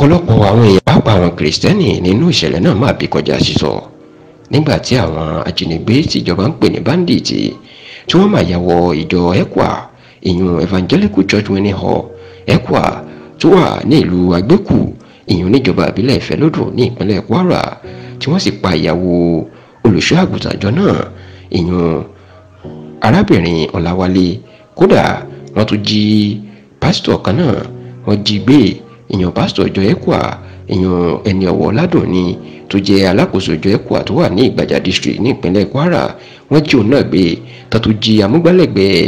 ọ̀pọ̀lọpọ̀ àwọn èèyàn pàápàá àwọn kìrìsìtẹ́nì nínú ìṣẹ̀lẹ̀ náà máa bí kọjá sísọ nígbà tí àwọn ajínigbé tìjọba ń pè ní báńdíìtì tí wọ́n máa yàwọ̀ ìjọ ECWA ìyún Evangelical Church Winning Hall ECWA tó wà ní ìlú agbẹ́kù ìyún níjọba ìbílẹ̀ ìfẹ́lódùn ní ìpínlẹ̀ Kwara tí wọ́n sì pa ìyàwó olùṣọ́ àgùntàn àjọ náà ìyún arábìnrin Ọláwálé kódà wọ́n tún jí pásítọ̀ kan náà wọ́n jí gbé èèyàn pásítọ̀ ìjọ ECWA èèyàn ẹni ọ̀wọ́ ládùn ni tó jẹ́ alákòóso ìjọ ECWA tó wà ní ìgbàjà district ní ìpínlẹ̀ Kwara wọ́n jí òun náà gbé tàtó jí amúgbálẹ́gbẹ̀ẹ́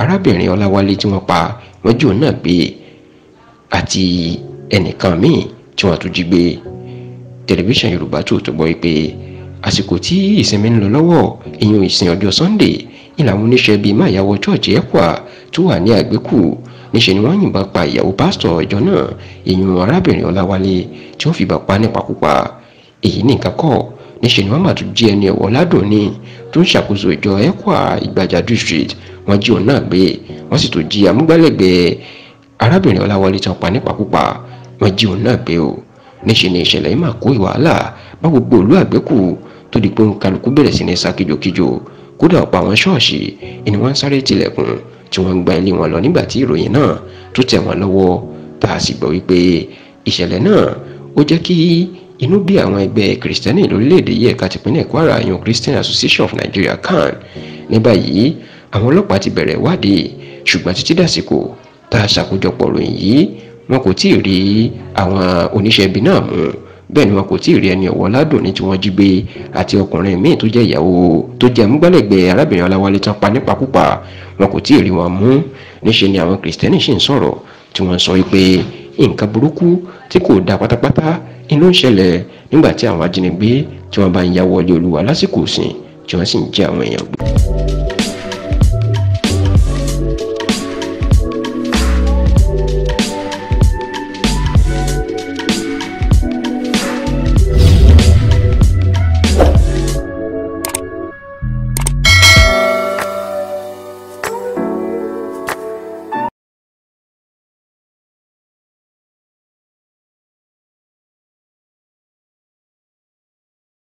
arábìnrin Ọláwálé tí wọ́n pa wọ́n jí òun náà gbé àti ẹnìkan míì tí wọ́n tún jí gbé tẹlifíṣàn Yorùbá tó tó gbọ́ pé àsìkò tí ìsinmi ń lọ lọ́wọ́ ìyẹn ìsìn ọjọ́ Sunday ìlànà oníṣẹ́ bíi máyàwó chọ́ọ̀chì ECWA tó wà ní àgbékù níṣẹ́ ni wọ́n yìnbọn pa ìyàwó pásítọ̀ ìjọ náà ìyún arábìnrin ọláwálé tí wọ́n fìbọn pa nípakúpa èyí ní nǹkan kọ́ níṣẹ́ ni wọ́n mà tún jí ẹni ọ̀wọ́ ládùnní tó ń ṣàkóso ìjọ ECWA ìgbàjà district wọ́n jí òun náà gbé wọ́n sì tún jí amúgbálẹ́gbẹ̀ẹ́ arábìnrin ọláwálé tán pa nípakúpa wọ́n jí òun náà gbé o níṣẹ́ ni ìṣẹ̀lẹ̀ yìí mà kó ìwàhálà bá gbogbo òlú àgbẹ̀kù tó di pé òun kálukú bẹ̀rẹ̀ sí ní sá kíjokíjo kódà ọ̀pọ̀ àwọn ṣọ́ọ̀ṣì ni sáré tilẹ̀kùn tí wọ́n ń gba ilé wọn lọ nígbà tí ìròyìn náà tó tẹ̀ wọ́n lọ́wọ́ tá a sì gbọ́ wípé ìṣẹ̀lẹ̀ náà ó jẹ́ kí inú bí àwọn ẹgbẹ́ kìrìsìtẹ́nì lórílẹ̀ yìí ẹ̀ka tìpínlẹ̀ Kwara yan Christian Association of Nigeria CAN ní báyìí àwọn ọlọ́pàá ti bẹ̀rẹ̀ ìwádìí ṣùgbọ́n títí dàsìkò tá a ṣàkójọpọ̀ ròyìn yìí wọn kò tí ì rí àwọn oníṣẹ́ ibi náà mú bẹ́ẹ̀ ni wọn kò tí ì rí ẹni ọ̀wọ́ ládùnní tí wọ́n jí gbé àti ọkùnrin míì tó jẹ́ ìyàwó tó jẹ́ amúgbálẹ́gbẹ̀ẹ́ arábìnrin ọláwálé tán pa nípakúpa wọn kò tí ì rí wọn mú níṣe ni àwọn kìrìsìtẹ́nì sì ń sọ̀rọ̀ tí wọ́n sọ wípé nǹkan burúkú tí kò dáa pátápátá inú ń ṣẹlẹ̀ nígbà tí àwọn ajínigbé tí wọ́n bá ń yáwọ́ ọjọ́ olúwa lásìkò òsìn tí wọ́n sì ń jẹ àwọn èèyàn gbé.